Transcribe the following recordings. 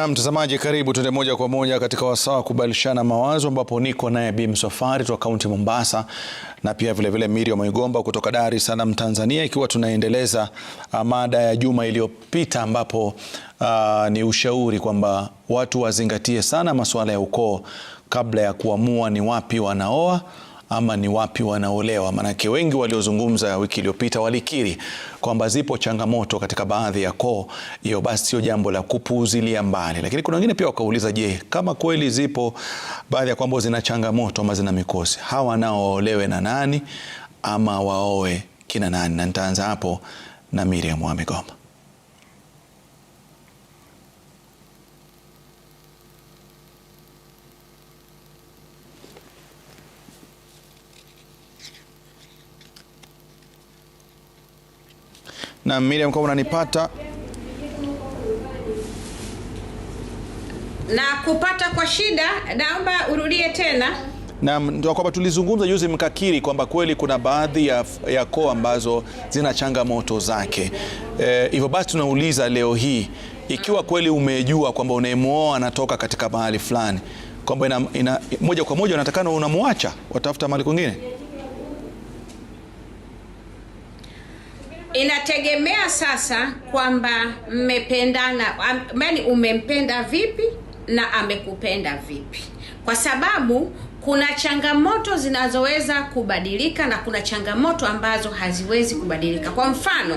Na mtazamaji, karibu tuende moja kwa moja katika wasaa wa kubadilishana mawazo, ambapo niko naye Bi Msafwari kutoka kaunti Mombasa na pia vilevile Miriam maigomba kutoka Dar es Salaam Tanzania, ikiwa tunaendeleza uh, mada ya juma iliyopita, ambapo uh, ni ushauri kwamba watu wazingatie sana masuala ya ukoo kabla ya kuamua ni wapi wanaoa ama ni wapi wanaolewa? Maanake wengi waliozungumza wiki iliyopita walikiri kwamba zipo changamoto katika baadhi ya koo, hiyo basi sio jambo la kupuuzilia mbali. Lakini kuna wengine pia wakauliza, je, kama kweli zipo baadhi ya koo ambazo zina changamoto ama zina mikosi, hawa nao waolewe na nani ama waoe kina nani? Na nitaanza hapo na Miriam wa Migoma. na Miriam, kama unanipata na kupata kwa shida, naomba urudie tena. Naam, ndio kwamba tulizungumza juzi mkakiri kwamba kweli kuna baadhi ya, ya koo ambazo zina changamoto zake e, hivyo. E, basi tunauliza leo hii ikiwa kweli umejua kwamba unayemwoa anatoka katika mahali fulani, kwamba ina, ina, moja kwa moja unatakana unamwacha watafuta mahali kwingine. Inategemea sasa kwamba mmependana, yaani umempenda vipi na amekupenda vipi, kwa sababu kuna changamoto zinazoweza kubadilika na kuna changamoto ambazo haziwezi kubadilika. Kwa mfano,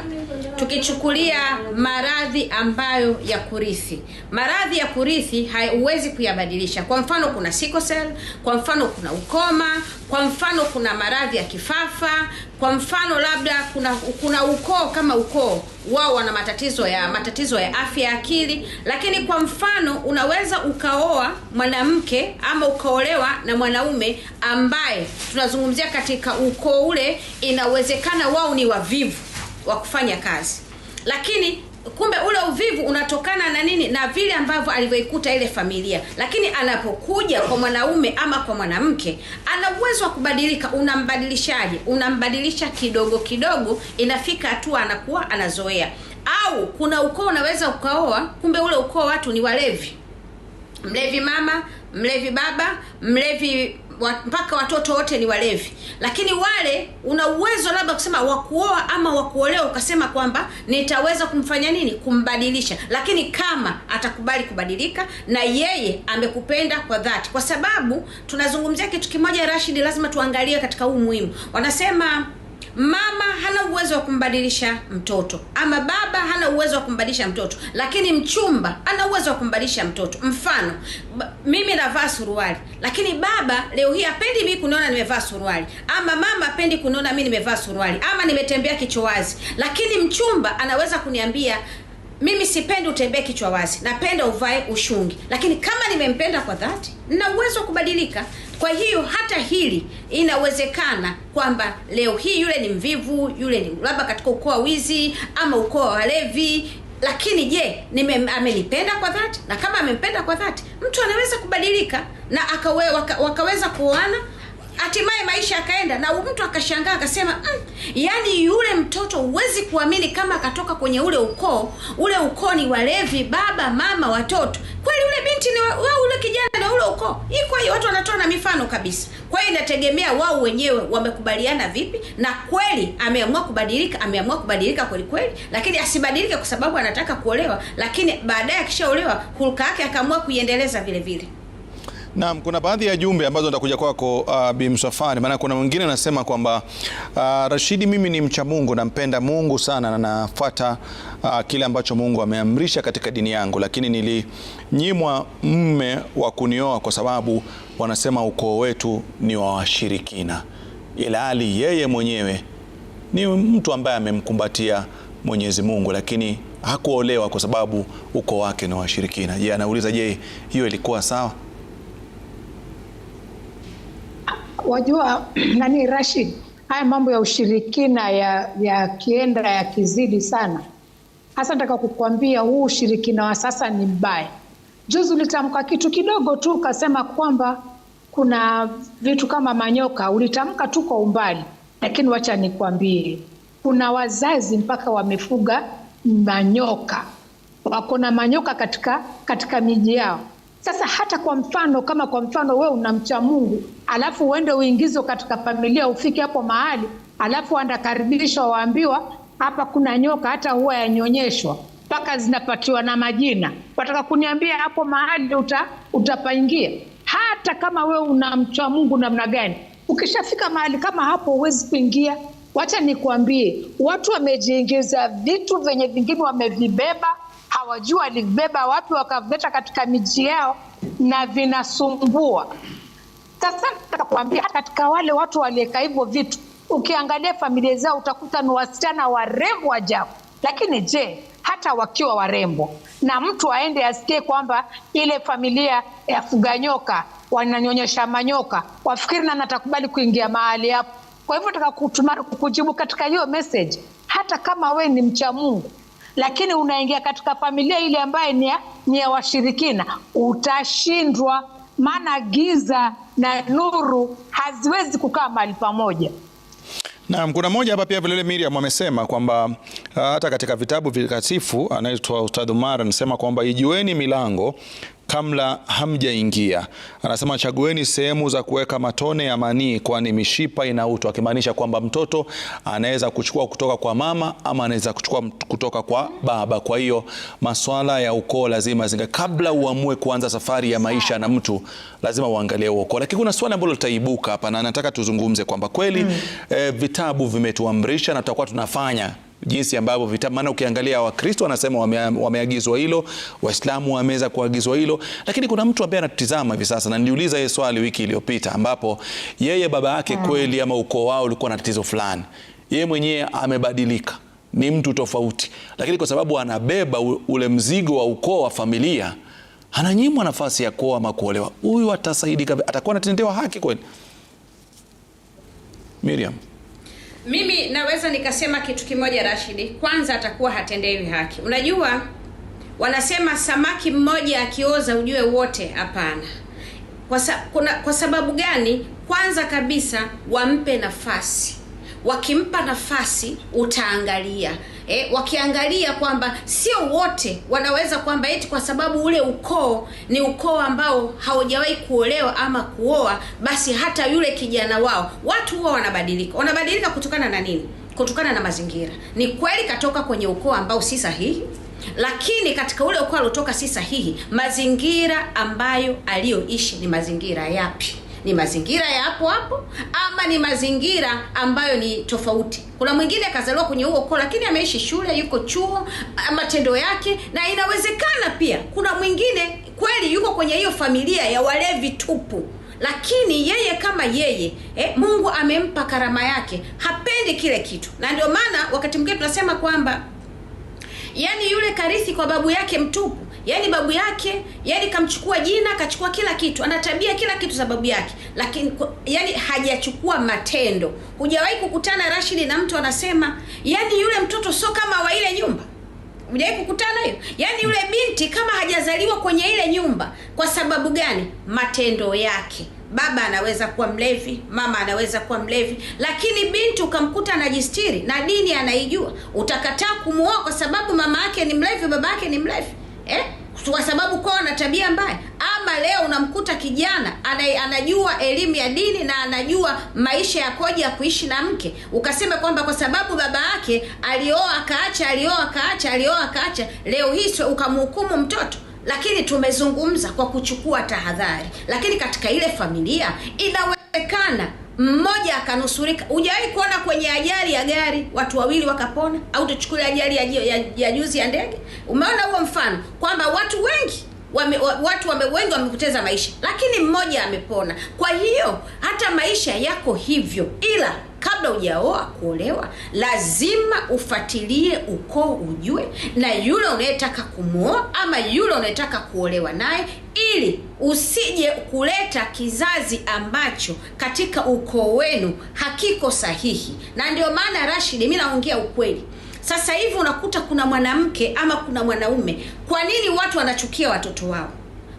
tukichukulia maradhi ambayo ya kurithi, maradhi ya kurithi huwezi kuyabadilisha. Kwa mfano, kuna sickle cell, kwa mfano, kuna ukoma, kwa mfano, kuna maradhi ya kifafa, kwa mfano, labda kuna kuna ukoo kama ukoo wao wana matatizo ya matatizo ya afya ya akili. Lakini kwa mfano, unaweza ukaoa mwanamke ama ukaolewa na mwanaume ambaye tunazungumzia katika ukoo ule, inawezekana wao ni wavivu wa kufanya kazi, lakini kumbe ule uvivu unatokana na nini? Na vile ambavyo alivyoikuta ile familia. Lakini anapokuja kwa mwanaume ama kwa mwanamke, ana uwezo wa kubadilika. Unambadilishaje? Unambadilisha kidogo kidogo, inafika hatua anakuwa anazoea. Au kuna ukoo unaweza ukaoa, kumbe ule ukoo watu ni walevi, mlevi mama, mlevi baba, mlevi mpaka watoto wote ni walevi, lakini wale una uwezo labda kusema wa kuoa ama wa kuolewa, ukasema kwamba nitaweza kumfanya nini, kumbadilisha, lakini kama atakubali kubadilika na yeye amekupenda kwa dhati, kwa sababu tunazungumzia kitu kimoja Rashid, lazima tuangalie katika huu muhimu, wanasema mama hana uwezo wa kumbadilisha mtoto ama baba hana uwezo wa kumbadilisha mtoto, lakini mchumba ana uwezo wa kumbadilisha mtoto. Mfano, mimi navaa suruali, lakini baba leo hii apendi mimi kuniona nimevaa suruali, ama mama apendi kuniona mimi nimevaa suruali, ama nimetembea kichowazi lakini mchumba anaweza kuniambia mimi sipendi utembee kichwa wazi, napenda uvae ushungi, lakini kama nimempenda kwa dhati, nina uwezo wa kubadilika. Kwa hiyo hata hili inawezekana kwamba leo hii yule ni mvivu, yule ni labda katika ukoo wa wizi ama ukoo wa walevi lakini je, amenipenda kwa dhati? Na kama amempenda kwa dhati, mtu anaweza kubadilika na akawe, waka, wakaweza kuoana hatimaye maisha akaenda na mtu akashangaa akasema mm, yaani yule mtoto huwezi kuamini kama akatoka kwenye ule ukoo ule ukoo ni walevi baba mama watoto kweli ule binti ni wa, ule kijana na ule ukoo kwa hiyo watu wanatoa na mifano kabisa kwa hiyo inategemea wao wenyewe wamekubaliana vipi na kweli ameamua kubadilika ameamua kubadilika kweli kweli lakini asibadilike kwa sababu anataka kuolewa lakini baadaye akishaolewa hulka yake akaamua kuiendeleza vile vile Naam, kuna baadhi ya jumbe ambazo nitakuja kwako uh, Bi Msafwari, maana kuna mwingine anasema kwamba uh, Rashidi, mimi ni mcha Mungu, nampenda Mungu sana na nafuata uh, kile ambacho Mungu ameamrisha katika dini yangu, lakini nilinyimwa mme wa kunioa kwa sababu wanasema ukoo wetu ni wa washirikina, ilhali yeye mwenyewe ni mtu ambaye amemkumbatia Mwenyezi Mungu lakini hakuolewa kwa sababu ukoo wake ni washirikina. Je, anauliza je, hiyo ilikuwa sawa? wajua nani Rashid, haya mambo ya ushirikina ya, ya kienda ya kizidi sana. Hasa nataka kukuambia huu ushirikina wa sasa ni mbaya. Juzi ulitamka kitu kidogo tu ukasema kwamba kuna vitu kama manyoka, ulitamka tu kwa umbali, lakini wacha nikwambie, kuna wazazi mpaka wamefuga manyoka, wako na manyoka katika, katika miji yao. Sasa hata kwa mfano kama kwa mfano wewe unamcha Mungu alafu uende uingizwe katika familia, ufike hapo mahali alafu andakaribishwa waambiwa hapa kuna nyoka, hata huwa yanyonyeshwa mpaka zinapatiwa na majina. Wataka kuniambia hapo mahali uta, utapaingia? Hata kama wewe unamcha Mungu namna gani, ukishafika mahali kama hapo huwezi kuingia. Wacha nikwambie, watu wamejiingiza vitu vyenye vingine wamevibeba hawajua walivibeba wapi wakavileta katika miji yao na vinasumbua. Sasa nitakwambia katika wale watu waliweka hivyo vitu, ukiangalia familia zao utakuta ni wasichana warembo ajabu. Lakini je, hata wakiwa warembo na mtu aende asikie kwamba ile familia ya Fuganyoka wananyonyesha manyoka, wafikiri nani atakubali kuingia mahali hapo? Kwa hivyo nataka kujibu katika hiyo message, hata kama we ni mcha Mungu lakini unaingia katika familia ile ambaye ni ya washirikina, utashindwa. Maana giza na nuru haziwezi kukaa mahali pamoja. Naam, kuna mmoja hapa pia vilevile Miriam amesema kwamba ah, hata katika vitabu vitakatifu, anaitwa Ustadh Umar anasema kwamba ijueni milango kabla hamjaingia. Anasema chagueni sehemu za kuweka matone ya manii, kwani mishipa inautwa, akimaanisha kwamba mtoto anaweza kuchukua kutoka kwa mama ama anaweza kuchukua kutoka kwa baba. Kwa hiyo maswala ya ukoo lazima zinga, kabla uamue kuanza safari ya maisha na mtu lazima uangalie ukoo. Lakini kuna swali ambalo litaibuka hapa na nataka tuzungumze kwamba kweli mm. eh, vitabu vimetuamrisha na tutakuwa tunafanya jinsi ambavyo vitabu, maana ukiangalia Wakristo wanasema wame, wameagizwa hilo, Waislamu wameweza kuagizwa hilo, lakini kuna mtu ambaye anatutizama hivi sasa na niliuliza yeye swali wiki iliyopita, ambapo yeye baba yake hmm, kweli ama ukoo wao ulikuwa na tatizo fulani, yeye mwenyewe amebadilika ni mtu tofauti, lakini kwa sababu anabeba ule mzigo wa ukoo wa familia ananyimwa nafasi ya kuoa ama kuolewa. Huyu atasaidika? Atakuwa anatendewa haki kweli, Miriam? Mimi naweza nikasema kitu kimoja Rashidi, kwanza atakuwa hatendewi haki. Unajua wanasema samaki mmoja akioza ujue wote. Hapana. Kwa, sa, kuna, kwa sababu gani? Kwanza kabisa wampe nafasi, wakimpa nafasi utaangalia eh, wakiangalia kwamba sio wote wanaweza kwamba eti kwa sababu ule ukoo ni ukoo ambao haujawahi kuolewa ama kuoa, basi hata yule kijana wao. Watu huwa wanabadilika, wanabadilika kutokana na nini? Kutokana na mazingira. Ni kweli katoka kwenye ukoo ambao si sahihi lakini katika ule ukoo aliotoka si sahihi. Mazingira ambayo aliyoishi ni mazingira yapi? ni mazingira ya hapo hapo ama ni mazingira ambayo ni tofauti. Kuna mwingine akazaliwa kwenye huo ukoo, lakini ameishi shule, yuko chuo, matendo yake, na inawezekana pia kuna mwingine kweli yuko kwenye hiyo familia ya walevi tupu lakini yeye kama yeye eh, Mungu amempa karama yake, hapendi kile kitu, na ndio maana wakati mwingine tunasema kwamba yani yule karithi kwa babu yake mtupu yaani babu yake, yaani kamchukua jina, kachukua kila kitu, ana tabia kila kitu za babu yake, lakini yaani hajachukua matendo. Hujawahi kukutana Rashidi na mtu anasema yaani yule mtoto sio kama wa ile nyumba. Hujawahi kukutana hiyo? Yaani yule binti kama hajazaliwa kwenye ile nyumba. Kwa sababu gani? Matendo yake. Baba anaweza kuwa mlevi, mama anaweza kuwa mlevi, lakini binti ukamkuta anajistiri na dini anaijua, utakataa kumuoa kwa sababu mama yake ni mlevi, baba yake ni mlevi eh? kwa sababu kwao na tabia mbaya, ama leo unamkuta kijana anajua elimu ya dini na anajua maisha koji ya kuishi na mke, ukasema kwamba kwa sababu baba yake alioa akaacha, alioa akaacha, alioa akaacha, leo hii ukamhukumu mtoto lakini tumezungumza kwa kuchukua tahadhari, lakini katika ile familia inawezekana mmoja akanusurika. Hujawahi kuona kwenye ajali ya gari watu wawili wakapona? Au tuchukulia ajali ya, ya, ya juzi ya ndege. Umeona huo mfano kwamba watu wengi wame, watu wame, wengi wamepoteza maisha, lakini mmoja amepona. Kwa hiyo hata maisha yako hivyo, ila kabla hujaoa kuolewa, lazima ufuatilie ukoo, ujue na yule unayetaka kumwoa ama yule unayetaka kuolewa naye ili usije kuleta kizazi ambacho katika ukoo wenu hakiko sahihi. Na ndio maana Rashid, mimi naongea ukweli. Sasa hivi unakuta kuna mwanamke ama kuna mwanaume, kwa nini watu wanachukia watoto wao?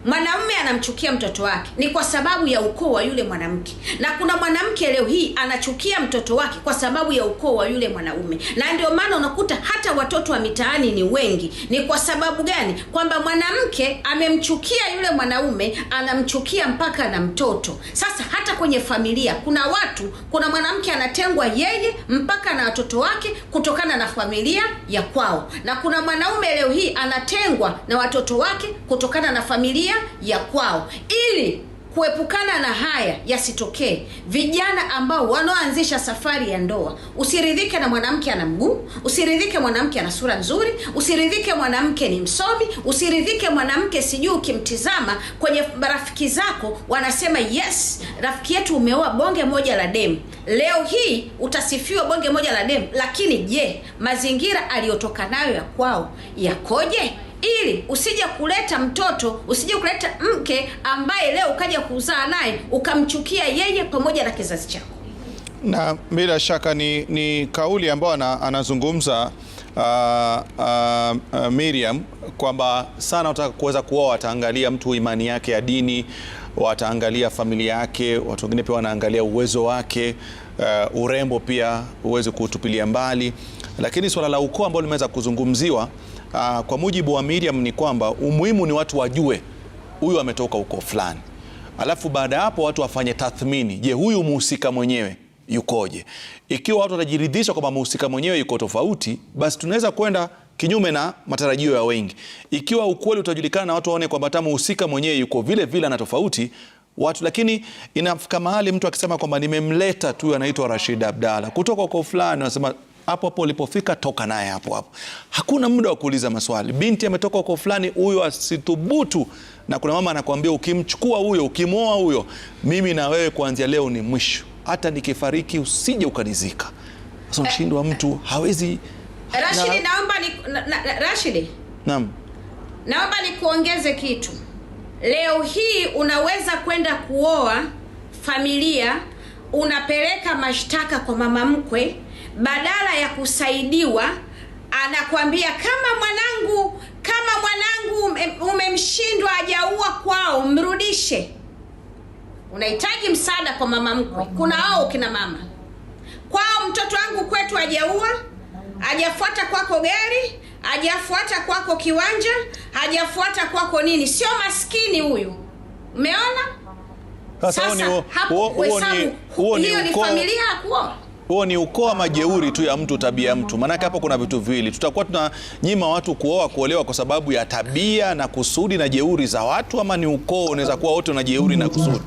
mwanamume anamchukia mtoto wake ni kwa sababu ya ukoo wa yule mwanamke, na kuna mwanamke leo hii anachukia mtoto wake kwa sababu ya ukoo wa yule mwanaume. Na ndio maana unakuta hata watoto wa mitaani ni wengi. Ni kwa sababu gani? Kwamba mwanamke amemchukia yule mwanaume, anamchukia mpaka na mtoto. Sasa hata kwenye familia kuna watu, kuna mwanamke anatengwa yeye mpaka na watoto wake kutokana na familia ya kwao, na kuna mwanaume leo hii anatengwa na watoto wake kutokana na familia dunia ya kwao ili kuepukana na haya yasitokee, vijana ambao wanaoanzisha safari ya ndoa, usiridhike na mwanamke ana mguu, usiridhike mwanamke ana sura nzuri, usiridhike mwanamke ni msomi, usiridhike mwanamke sijui, ukimtizama kwenye rafiki zako wanasema yes, rafiki yetu umeoa bonge moja la demu. Leo hii utasifiwa bonge moja la demu, lakini je, mazingira aliyotoka nayo ya kwao yakoje? ili usije kuleta mtoto, usije kuleta mke ambaye leo ukaja kuzaa naye ukamchukia yeye pamoja na kizazi chako. Na bila shaka ni, ni kauli ambayo anazungumza uh, uh, uh, Miriam kwamba sana wataka kuweza kuoa wataangalia mtu imani yake ya dini, wataangalia familia yake, watu wengine pia wanaangalia uwezo wake, uh, urembo pia huwezi kutupilia mbali, lakini swala la ukoo ambao limeweza kuzungumziwa uh, kwa mujibu wa Miriam ni kwamba umuhimu ni watu wajue huyu ametoka huko fulani, alafu baada ya hapo watu wafanye tathmini. Je, huyu mhusika mwenyewe yukoje? Ikiwa watu watajiridhisha kwamba mhusika mwenyewe yuko tofauti, basi tunaweza kwenda kinyume na matarajio ya wengi. Ikiwa ukweli utajulikana na watu waone kwamba hata mhusika mwenyewe yuko vile vile na tofauti watu lakini, inafika mahali mtu akisema kwamba nimemleta tu, anaitwa Rashid Abdalla kutoka kwa fulani, wanasema hapo hapo ulipofika, toka naye hapo hapo. Hakuna muda wa kuuliza maswali. Binti ametoka huko fulani, huyo asithubutu. Na kuna mama anakuambia ukimchukua huyo, ukimwoa huyo, mimi na wewe kuanzia leo ni mwisho, hata nikifariki usije ukanizika. Sasa eh. mshindo wa mtu hawezi. Rashidi, naomba ni na, na, Rashidi, naam, naomba nikuongeze kitu. Leo hii unaweza kwenda kuoa familia, unapeleka mashtaka kwa mama mkwe badala ya kusaidiwa anakwambia kama mwanangu, kama mwanangu umemshindwa ajaua kwao, mrudishe. Unahitaji msaada kwa mama mkwe, kuna wao kina mama kwao, mtoto wangu kwetu ajaua ajafuata kwako gari, ajafuata kwako kiwanja, ajafuata kwako nini, sio maskini huyu. Umeona sasa, huo ni familia hakuoa huo ni ukoa majeuri tu ya mtu, tabia ya mtu. Maanake hapo kuna vitu viwili, tutakuwa tunanyima watu kuoa, kuolewa kwa sababu ya tabia na kusudi na jeuri za watu, ama ni ukoo unaweza kuwa wote na jeuri na kusudi.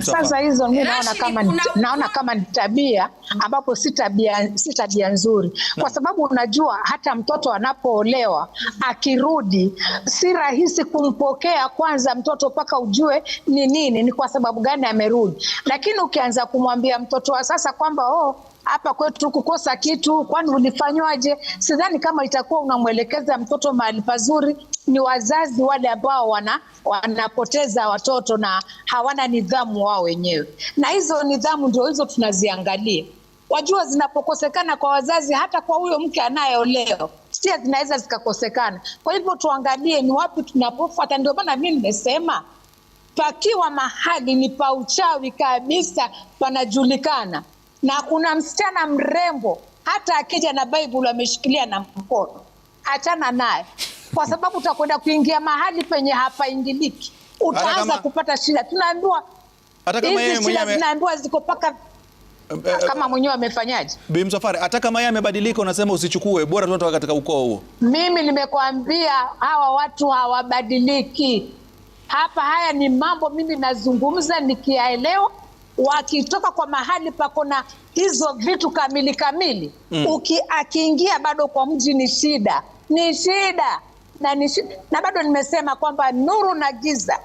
Sasa hizo mi yaani naona kama naona kama ni tabia ambapo si tabia si tabia nzuri, kwa sababu unajua hata mtoto anapoolewa akirudi, si rahisi kumpokea kwanza mtoto mpaka ujue ni nini, ni kwa sababu gani amerudi. Lakini ukianza kumwambia mtoto wa sasa kwamba oh hapa kwetu kukosa kitu, kwani ulifanywaje? Sidhani kama itakuwa unamwelekeza mtoto mahali pazuri. Ni wazazi wale ambao wana wanapoteza watoto na hawana nidhamu wao wenyewe, na hizo nidhamu ndio hizo tunaziangalia. Wajua, zinapokosekana kwa wazazi, hata kwa huyo mke anayeolewa pia zinaweza zikakosekana. Kwa hivyo tuangalie ni wapi tunapofuata. Ndio maana mi nimesema pakiwa mahali ni pa uchawi kabisa, panajulikana na kuna msichana mrembo, hata akija na Bible ameshikilia na mkono, achana naye kwa sababu utakwenda kuingia mahali penye hapaingiliki, utaanza kama... kupata shida. Tunaambiwa hizi shida tunaambiwa ziko paka eh, eh, eh, kama mwenyewe amefanyaje? Bi Msafwari, hata kama yeye amebadilika, unasema usichukue, bora tunatoka katika ukoo huo. Mimi nimekwambia hawa watu hawabadiliki hapa. Haya ni mambo mimi nazungumza nikiyaelewa wakitoka kwa mahali pako na hizo vitu kamili kamili mm. Uki, akiingia bado kwa mji ni shida, ni shida na ni shida. Na bado nimesema kwamba nuru na giza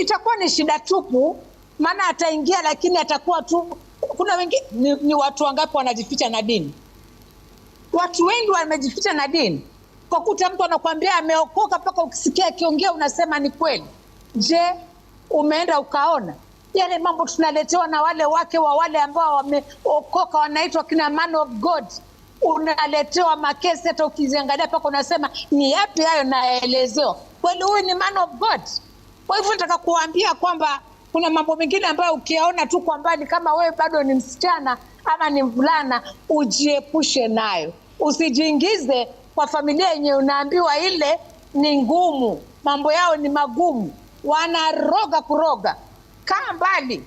itakuwa ni shida tupu, maana ataingia lakini atakuwa tu. Kuna wengi ni, ni watu wangapi wanajificha na dini? Watu wengi wamejificha na dini kwa kuta mtu anakuambia ameokoka, mpaka ukisikia akiongea unasema ni kweli. Je, umeenda ukaona? yale mambo tunaletewa na wale wake wa wale ambao wameokoka wanaitwa kina man of God unaletewa makesi, hata ukiziangalia paka unasema ni yapi hayo naelezewa? Kweli huyu ni man of God? Kwa hivyo nataka kuwambia kwamba kuna mambo mengine ambayo ukiyaona tu kwa mbali, kama wewe bado ni msichana ama ni mvulana, ujiepushe nayo, usijiingize kwa familia yenye unaambiwa ile ni ngumu, mambo yao ni magumu, wanaroga kuroga kaa mbali.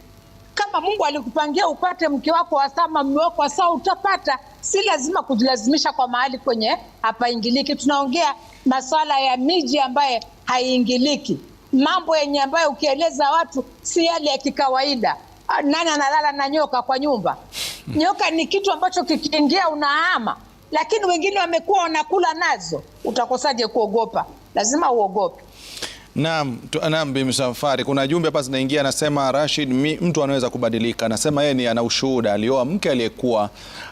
Kama Mungu alikupangia upate mke wako wasama mume wako wasawa, utapata. Si lazima kujilazimisha kwa mahali kwenye hapaingiliki. Tunaongea masuala ya miji ambaye haiingiliki, mambo yenye ambayo ukieleza watu si yale ya kikawaida. Ah, nani analala na nyoka kwa nyumba? Hmm. Nyoka ni kitu ambacho kikiingia unahama, lakini wengine wamekuwa wanakula nazo. Utakosaje kuogopa? Lazima uogope. Naam, naam Bi Msafwari, kuna jumbe hapa zinaingia, anasema Rashid, mtu anaweza kubadilika. Anasema yeye ni ana ushuhuda, alioa mke aliyekuwa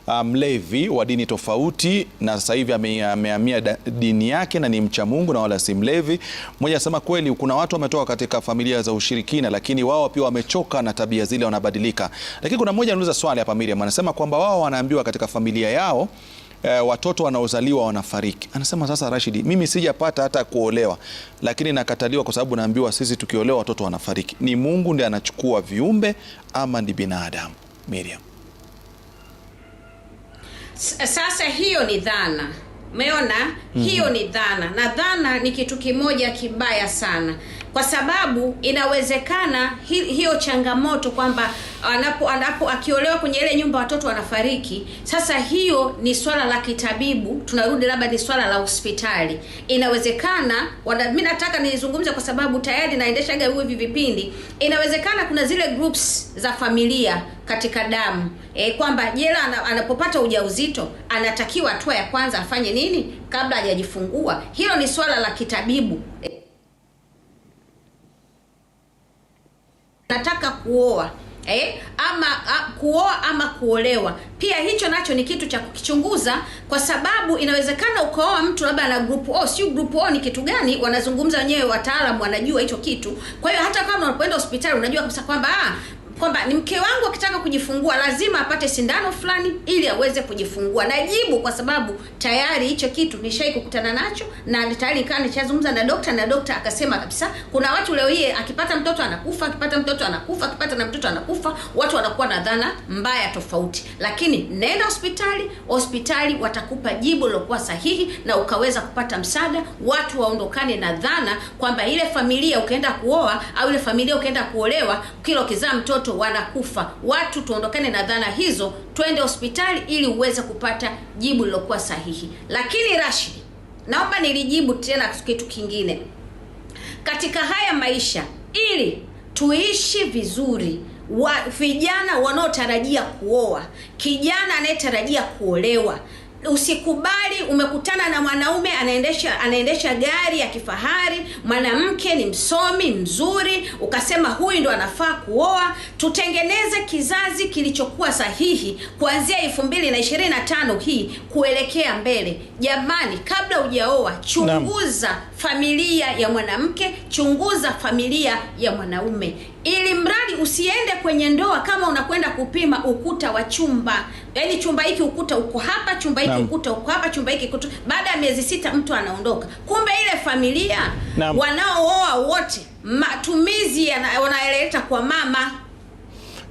ah, mlevi um, wa dini tofauti na sasa hivi amehamia dini yake na ni mcha Mungu na wala si mlevi. Mmoja anasema kweli kuna watu wametoka katika familia za ushirikina, lakini wao pia wamechoka na tabia zile, wanabadilika. Lakini kuna mmoja anauliza swali hapa Miriam, anasema kwamba wao wanaambiwa katika familia yao eh, watoto wanaozaliwa wanafariki. Anasema sasa, rashidi mimi sijapata hata kuolewa, lakini nakataliwa kwa sababu naambiwa sisi tukiolewa watoto wanafariki. Ni Mungu ndiye anachukua viumbe ama ni binadamu? Miriam, sasa hiyo ni dhana Umeona? mm -hmm. Hiyo ni dhana na dhana ni kitu kimoja kibaya sana kwa sababu inawezekana hi, hiyo changamoto kwamba anapo anapo akiolewa kwenye ile nyumba watoto wanafariki. Sasa hiyo ni swala la kitabibu, tunarudi labda ni swala la hospitali. Inawezekana mimi nataka nizungumze kwa sababu tayari naendeshaga hivi vipindi. Inawezekana kuna zile groups za familia katika damu e, kwamba jela anapopata ujauzito anatakiwa hatua ya kwanza afanye nini kabla hajajifungua. Hilo ni swala la kitabibu e. nataka kuoa eh, ama a, kuoa ama kuolewa. Pia hicho nacho ni kitu cha kukichunguza, kwa sababu inawezekana ukaoa mtu labda na group O, si group O ni kitu gani, wanazungumza wenyewe wataalamu, wanajua hicho kitu. Kwa hiyo hata kama unapoenda hospitali unajua kabisa kwamba ah, kwamba ni mke wangu akitaka kujifungua lazima apate sindano fulani ili aweze kujifungua. Najibu kwa sababu tayari hicho kitu nishai kukutana nacho na tayari nikawa nishazungumza na dokta, na dokta akasema kabisa, kuna watu leo hii akipata mtoto anakufa, akipata mtoto anakufa, akipata na mtoto anakufa. Watu wanakuwa na dhana mbaya tofauti, lakini nenda hospitali, hospitali watakupa jibu lilokuwa sahihi na ukaweza kupata msaada, watu waondokane na dhana kwamba ile familia ukaenda kuoa au ile familia ukaenda kuolewa, kilo kizaa mtoto watoto wanakufa. Watu tuondokane na dhana hizo, twende hospitali ili uweze kupata jibu lilokuwa sahihi. Lakini Rashid, naomba nilijibu tena kitu kingine katika haya maisha, ili tuishi vizuri wa, vijana wanaotarajia kuoa, kijana anayetarajia kuolewa usikubali umekutana na mwanaume anaendesha anaendesha gari ya kifahari mwanamke ni msomi mzuri ukasema huyu ndo anafaa kuoa tutengeneze kizazi kilichokuwa sahihi kuanzia elfu mbili na ishirini na tano hii kuelekea mbele jamani kabla hujaoa chunguza familia ya mwanamke, chunguza familia ya mwanaume, ili mradi usiende kwenye ndoa kama unakwenda kupima ukuta wa chumba, yaani chumba hiki ukuta uko hapa, chumba hiki ukuta uko hapa, chumba hiki kutu... Baada ya miezi sita mtu anaondoka, kumbe ile familia wanaooa wote matumizi wanayoleta kwa mama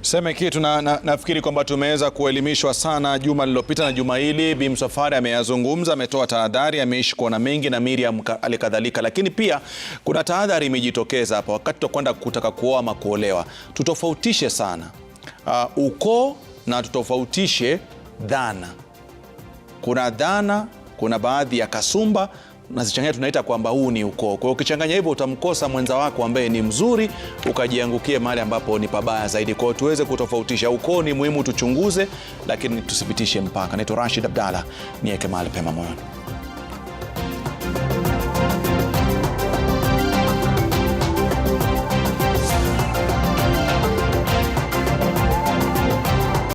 Seme kitu na, na, nafikiri kwamba tumeweza kuelimishwa sana juma lililopita na juma hili. Bi Msafwari ameyazungumza, ametoa tahadhari, ameishi kuona mengi na Miriam alikadhalika, lakini pia kuna tahadhari imejitokeza hapa. Wakati tutakwenda kutaka kuoa ama kuolewa, tutofautishe sana uh, ukoo na tutofautishe dhana. Kuna dhana, kuna baadhi ya kasumba tunazichanganya tunaita kwamba huu ni ukoo. Kwa hiyo ukichanganya hivyo utamkosa mwenza wako ambaye ni mzuri, ukajiangukie mahali ambapo ni pabaya zaidi. Kwa hiyo tuweze kutofautisha, ukoo ni muhimu tuchunguze, lakini tusipitishe mpaka. Naitwa Rashid Abdalla, niweke mahali pema moyoni.